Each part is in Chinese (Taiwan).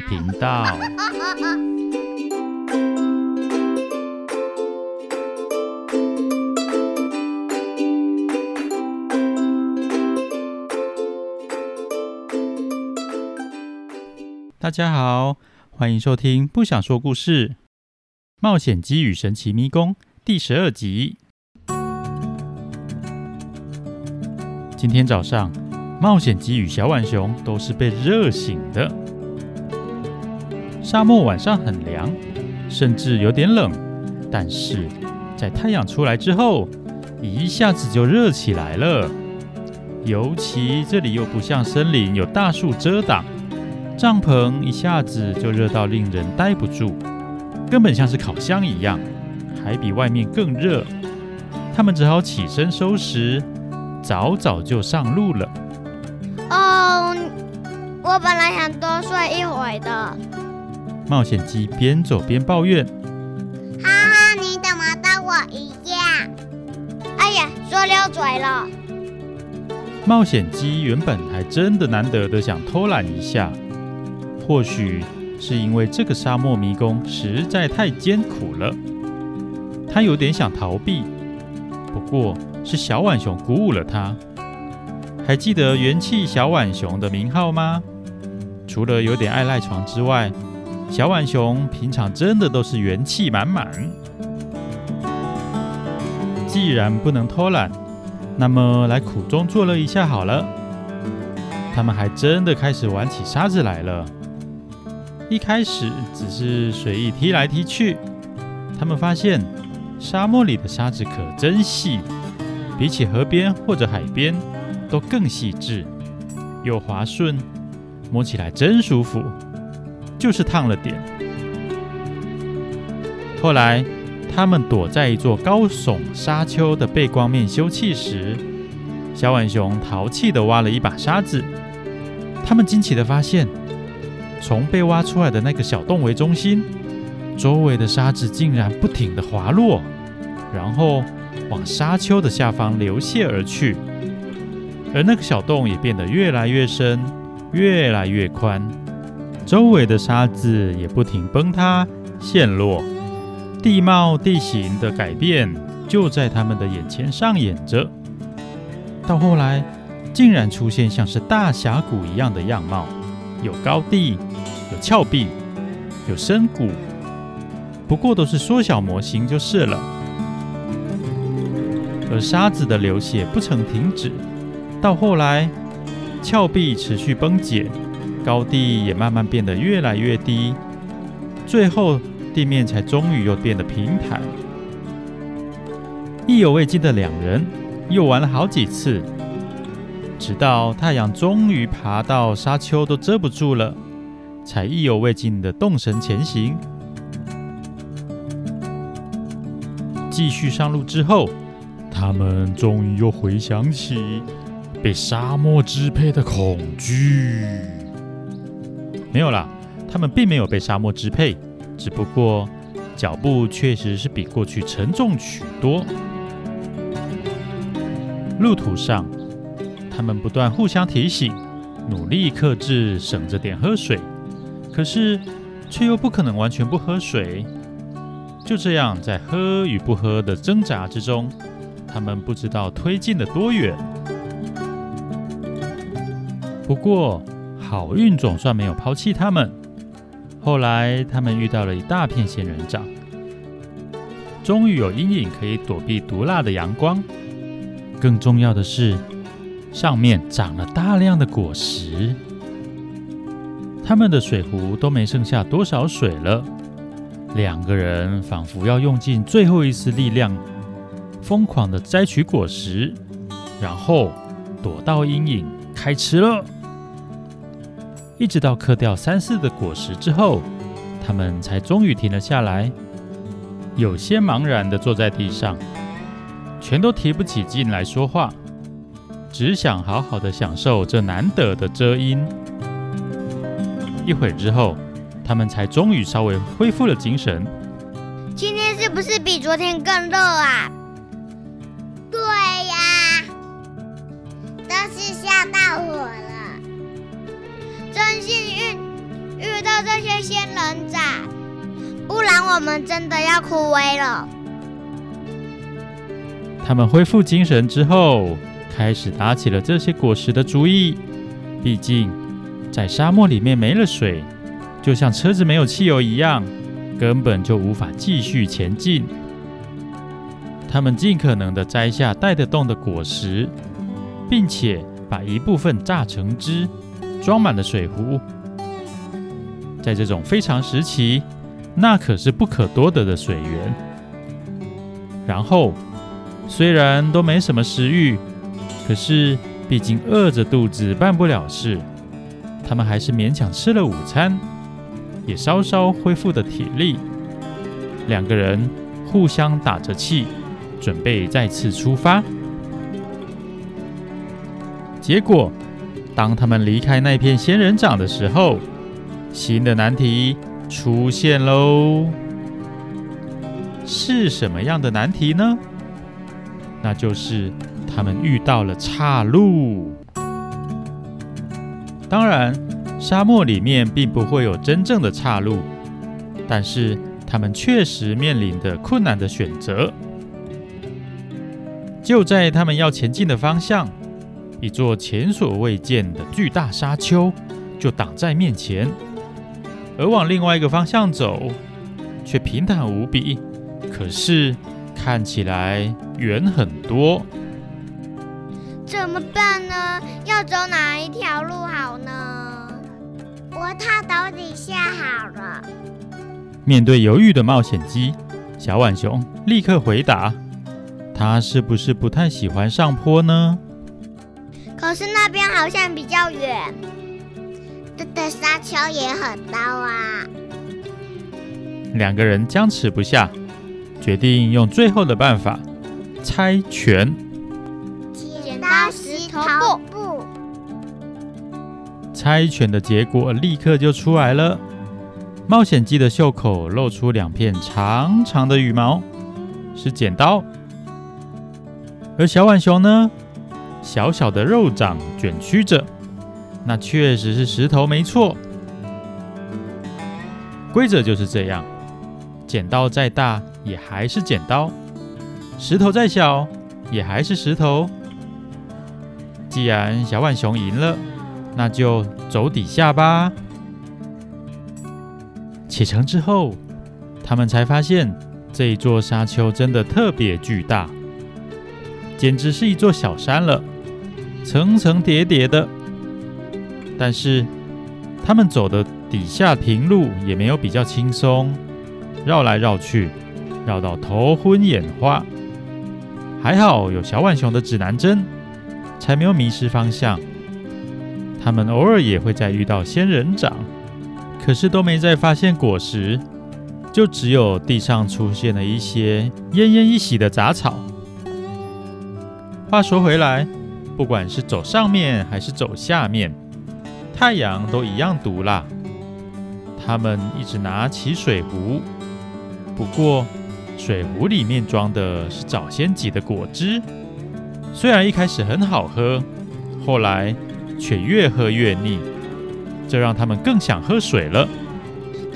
頻道。 大家好，歡迎收聽《不想說故事冒險雞與神奇迷宮》第十二集。今天早上，冒險雞與小浣熊都是被熱醒的。沙漠晚上很涼，甚至有點冷，但是在太陽出來之後，一下子就熱起來了。尤其這裡又不像森林，有大樹遮擋，帳篷一下子就熱到令人待不住，根本像是烤箱一樣，還比外面更熱。他們只好起身收拾，早早就上路了。哦，我本來想多睡一會兒的。冒險雞邊走邊抱怨：“哈哈，你怎麼跟我一樣？哎呀，說溜嘴了。”冒險雞原本還真的難得的想偷懶一下，或許是因為這個沙漠迷宮實在太艱苦了，他有點想逃避。不過，是小浣熊鼓舞了他。還記得元氣小浣熊的名號嗎？除了有點愛賴床之外，小浣熊平常真的都是元氣滿滿。既然不能偷懶，那麼來苦中作樂一下好了。他們還真的開始玩起沙子來了。一開始只是隨意踢來踢去，他們發現沙漠裡的沙子可真細，比起河邊或者海邊都更細緻，又滑順，摸起來真舒服。就是燙了點。後來，他們躲在一座高聳沙丘的背光面休憩時，小浣熊淘氣地挖了一把沙子。他們驚奇地發現，從被挖出來的那個小洞為中心，周圍的沙子竟然不停地滑落，然後往沙丘的下方流瀉而去，而那個小洞也變得越來越深，越來越寬。周圍的沙子也不停崩塌、陷落，地貌、地形的改變就在他們的眼前上演着。到後來，竟然出現像是大峽谷一樣的樣貌，有高地、有峭壁、有深谷，不過都是縮小模型就是了。而沙子的流血不曾停止，到後來，峭壁持續崩解。高地也慢慢變得越來越低，最後地面才終於又變得平坦。意猶未盡的兩人又玩了好幾次，直到太陽終於爬到沙丘都遮不住了，才意猶未盡的動身前行。繼續上路之後，他們終於又回想起被沙漠支配的恐懼。沒有啦，他們並沒有被沙漠支配，只不過腳步確實是比過去沉重許多。路途上，他們不斷互相提醒，努力克制，省着點喝水。可是，卻又不可能完全不喝水。就這樣，在喝與不喝的掙扎之中，他們不知道推進了多遠。不過。好運總算沒有拋棄他們。後來，他們遇到了一大片仙人掌，終於有陰影可以躲避毒辣的陽光。更重要的是，上面長了大量的果實。他們的水壺都沒剩下多少水了，兩個人仿佛要用盡最後一絲力量，瘋狂地摘取果實，然後躲到陰影開吃了。一直到嗑掉三四的果實之後，他們才終於停了下來，有些茫然地坐在地上，全都提不起勁來說話，只想好好的享受這難得的遮陰。一會兒之後，他們才終於稍微恢復了精神。今天是不是比昨天更熱啊？對呀，都是下大火了。這些仙人掌，不然我們真的要枯萎了。他們恢復精神之後，開始打起了這些果實的主意。畢竟，在沙漠裡面沒了水，就像車子沒有汽油一樣，根本就無法繼續前進。他們盡可能地摘下帶得動的果實，並且把一部分榨成汁，裝滿了水壺。在這種非常時期，那可是不可多得的水源。然後，雖然都沒什麼食慾，可是畢竟餓着肚子辦不了事，他們還是勉強吃了午餐，也稍稍恢復了體力。兩個人互相打着氣，準備再次出發。結果，當他們離開那片仙人掌的時候，新的難題出現嘍，是什麼樣的難題呢？那就是他們遇到了岔路。當然，沙漠裡面並不會有真正的岔路，但是他們確實面臨着困難的選擇。就在他們要前進的方向，一座前所未見的巨大沙丘就擋在面前。而往另外一個方向走，卻平坦無比，可是看起來遠很多。怎麼辦呢？要走哪一條路好呢？我踏到底下好了。面對猶豫的冒險雞，小浣熊立刻回答：“他是不是不太喜歡上坡呢？”可是那邊好像比較遠。的沙丘也很大啊！兩個人僵持不下，決定用最後的辦法——猜拳。剪刀、石頭、布。猜拳的結果立刻就出來了。冒險雞的袖口露出兩片長長的羽毛，是剪刀；而小浣熊呢，小小的肉掌捲曲着。那確實是石頭，沒錯。規則就是這樣：剪刀再大也還是剪刀，石頭再小也還是石頭。既然小浣熊贏了，那就走底下吧。啟程之後，他們才發現這一座沙丘真的特別巨大，簡直是一座小山了，層層疊疊的。但是他們走的底下平路也沒有比較輕鬆，繞來繞去，繞到頭昏眼花。還好有小浣熊的指南針，才沒有迷失方向。他們偶爾也會再遇到仙人掌，可是都沒再發現果實，就只有地上出現了一些奄奄一息的雜草。話說回來，不管是走上面還是走下面，太陽都一樣毒辣。他們一直拿起水壺，不過水壺裡面裝的是早先擠的果汁。雖然一開始很好喝，後來卻越喝越膩，這讓他們更想喝水了。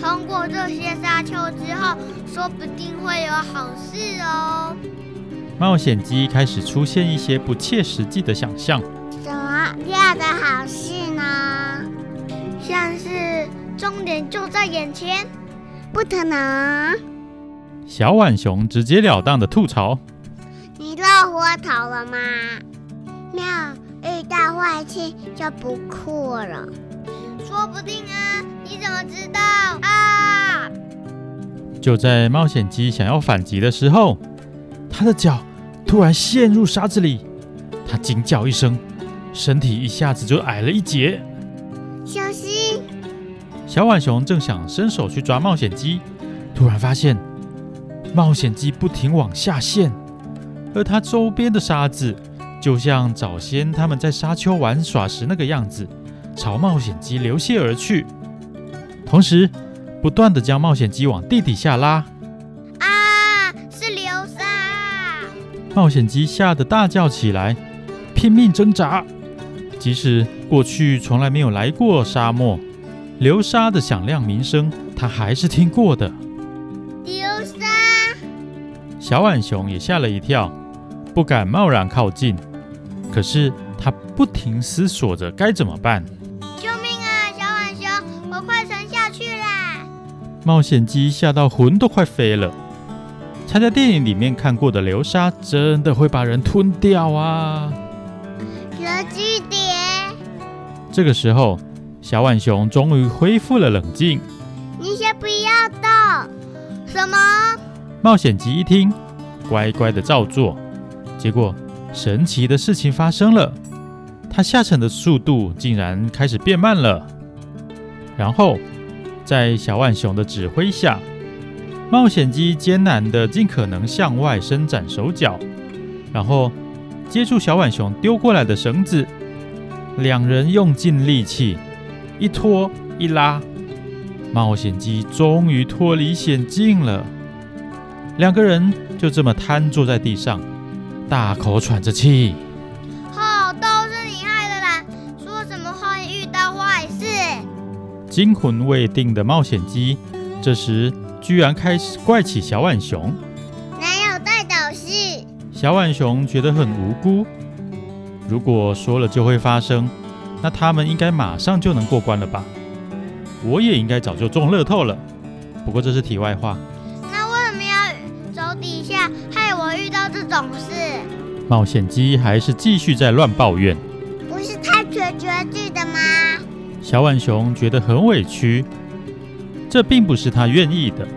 通過這些沙丘之後，說不定會有好事哦。冒險雞開始出現一些不切實際的想象。第二的好事呢，像是終點就在眼前，不可能。小浣熊直截了當的吐槽：“你惹火頭了嗎？喵，遇到壞氣就不酷了，說不定啊？你怎麼知道啊？”就在冒險雞想要反擊的時候，他的腳突然陷入沙子裡，他驚叫一聲。身體一下子就矮了一截。小心！小浣熊正想伸手去抓冒險雞，突然發現冒險雞不停往下陷，而它周邊的沙子就像早先他們在沙丘玩耍時那個樣子，朝冒險雞流瀉而去，同時不斷地將冒險雞往地底下拉。啊！是流沙！冒險雞嚇得大叫起來，拼命掙扎。即使過去從來沒有來過沙漠，流沙的響亮名聲，他還是聽過的。流沙！小浣熊也嚇了一跳，不敢貿然靠近。可是他不停思索着該怎麼辦。救命啊，小浣熊，我快沉下去啦！冒險雞嚇到魂都快飛了。他在電影裡面看過的流沙，真的會把人吞掉啊！小雞。這個時候，小浣熊終於恢復了冷靜。你先不要動。什麼？冒險雞一聽，乖乖的照做。結果，神奇的事情發生了，它下沉的速度竟然開始變慢了。然後，在小浣熊的指揮下，冒險雞艱難的儘可能向外伸展手腳，然後接住小浣熊丟過來的繩子。兩人用盡力氣，一拖一拉，冒險雞終於脫離險境了。兩個人就這麼癱坐在地上，大口喘着氣。好、哦，都是你害的啦！說什麼會遇到壞事？驚魂未定的冒險雞這時居然開始怪起小浣熊。哪有帶導師？小浣熊覺得很無辜。如果說了就會發生，那他們應該馬上就能過關了吧？我也應該早就中樂透了。不過這是題外話。那為什麼要走底下害我遇到這種事？冒險雞還是繼續在亂抱怨。不是太絕絕技的嗎？小浣熊覺得很委屈，這並不是他願意的，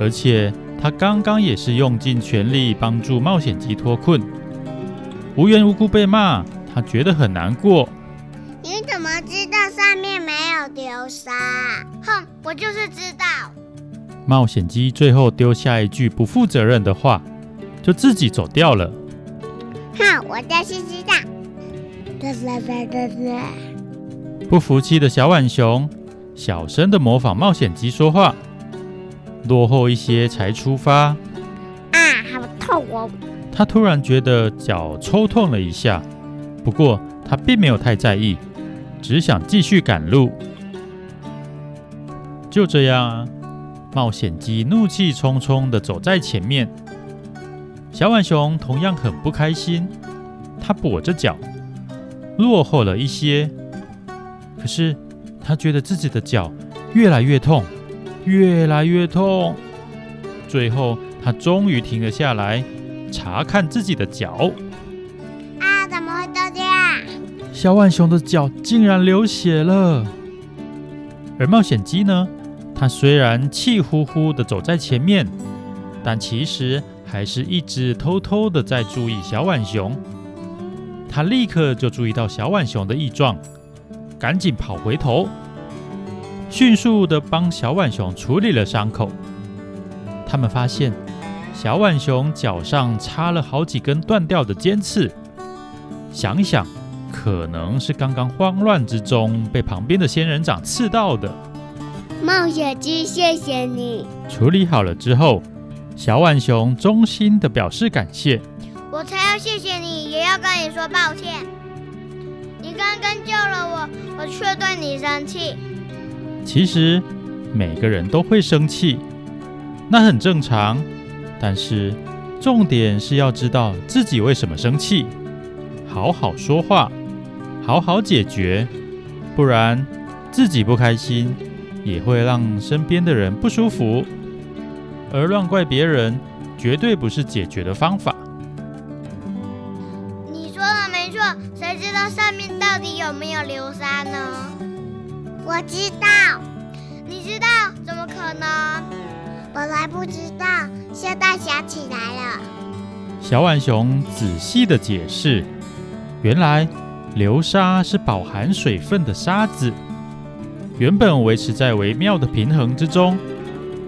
而且他剛剛也是用盡全力幫助冒險雞脫困。無緣無故被罵，他覺得很難過。你怎麼知道上面沒有流沙？哼，我就是知道。冒險雞最後丟下一句不負責任的話，就自己走掉了。哼，我就是知道哼哼哼哼哼哼。不服氣的小浣熊，小聲地模仿冒險雞說話，落後一些才出發。啊，好痛哦！他突然覺得腳抽痛了一下，不過他並沒有太在意，只想繼續趕路。就這樣，冒險雞怒氣沖沖地走在前面，小浣熊同樣很不開心。他跛着腳，落後了一些。可是他覺得自己的腳越來越痛，越來越痛。最後，他終於停了下來。查看自己的腳啊，怎麼會這樣？小浣熊的腳竟然流血了。而冒險雞呢？它雖然氣呼呼的走在前面，但其實還是一直偷偷的在注意小浣熊。它立刻就注意到小浣熊的異狀，趕緊跑回頭，迅速的幫小浣熊處理了傷口。他們發現。小浣熊腳上插了好幾根斷掉的尖刺，想想可能是剛剛慌亂之中被旁邊的仙人掌刺到的。冒險雞，謝謝你。處理好了之後，小浣熊衷心的表示感謝。我才要謝謝你，也要跟你說抱歉。你剛剛救了我，我卻對你生氣。其實每個人都會生氣，那很正常。但是，重點是要知道自己為什麼生氣，好好說話，好好解決，不然自己不開心，也會讓身邊的人不舒服。而亂怪別人，絕對不是解決的方法。你說的沒錯，誰知道上面到底有沒有流沙呢？我知道，你知道，怎麼可能？本來不知道，現在想起來了。小浣熊仔細地解釋：原來流沙是飽含水分的沙子，原本維持在微妙的平衡之中，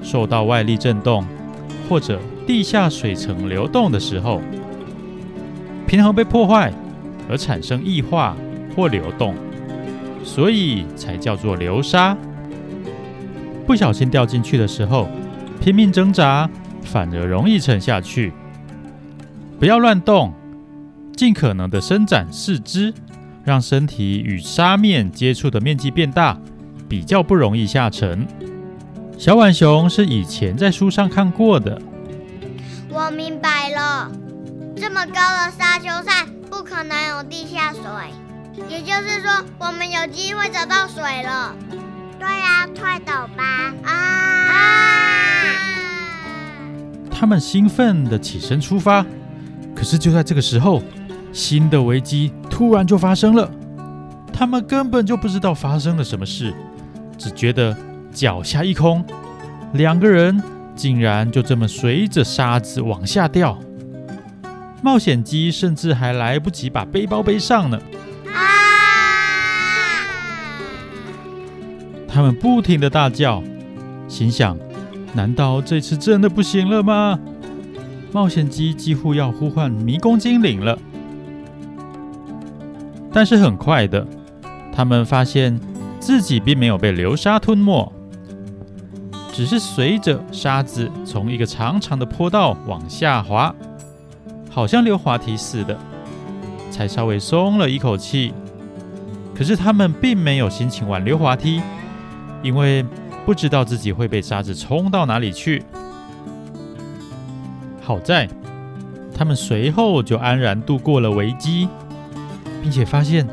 受到外力震動，或者地下水層流動的時候，平衡被破壞，而產生異化或流動，所以才叫做流沙。不小心掉進去的時候，拼命掙扎，反而容易沉下去。不要亂動，盡可能的伸展四肢，讓身體與沙面接觸的面積變大，比較不容易下沉。小浣熊是以前在書上看過的。我明白了，這麼高的沙丘上不可能有地下水，也就是說，我們有機會找到水了。對呀，快走吧啊！啊！他們興奮地起身出發，可是就在這個時候，新的危機突然就發生了。他們根本就不知道發生了什麼事，只覺得腳下一空，兩個人竟然就這麼隨着沙子往下掉。冒險雞甚至還來不及把背包背上呢。他們不停的大叫，心想：“難道這次真的不行了嗎？”冒險雞幾乎要呼喚迷宮精靈了。但是很快的，他們發現自己並沒有被流沙吞沒，只是隨着沙子從一個長長的坡道往下滑，好像溜滑梯似的，才稍微鬆了一口氣。可是他們並沒有心情玩溜滑梯。因為不知道自己會被沙子沖到哪裡去，好在他們隨後就安然度過了危機，並且發現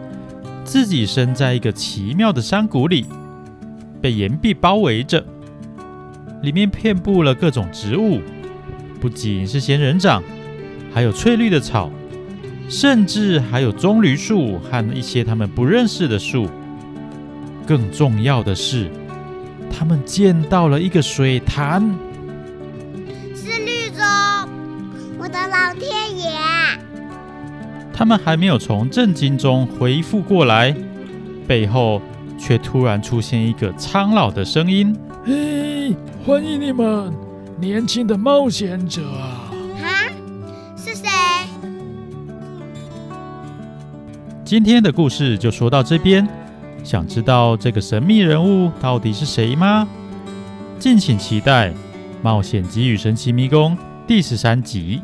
自己身在一個奇妙的山谷裡，被岩壁包圍着，裡面遍布了各種植物，不僅是仙人掌，還有翠綠的草，甚至還有棕櫚樹和一些他們不認識的樹。更重要的是，他們見到了一個水潭，是綠洲，我的老天爺！他們還沒有從震驚中恢復過來，背後卻突然出現一個蒼老的聲音：“嘿，歡迎你們，年輕的冒險者啊！”啊，是誰？今天的故事就說到這邊。想知道這個神秘人物到底是誰嗎？敬請期待《冒險雞與神奇迷宮》第十三集。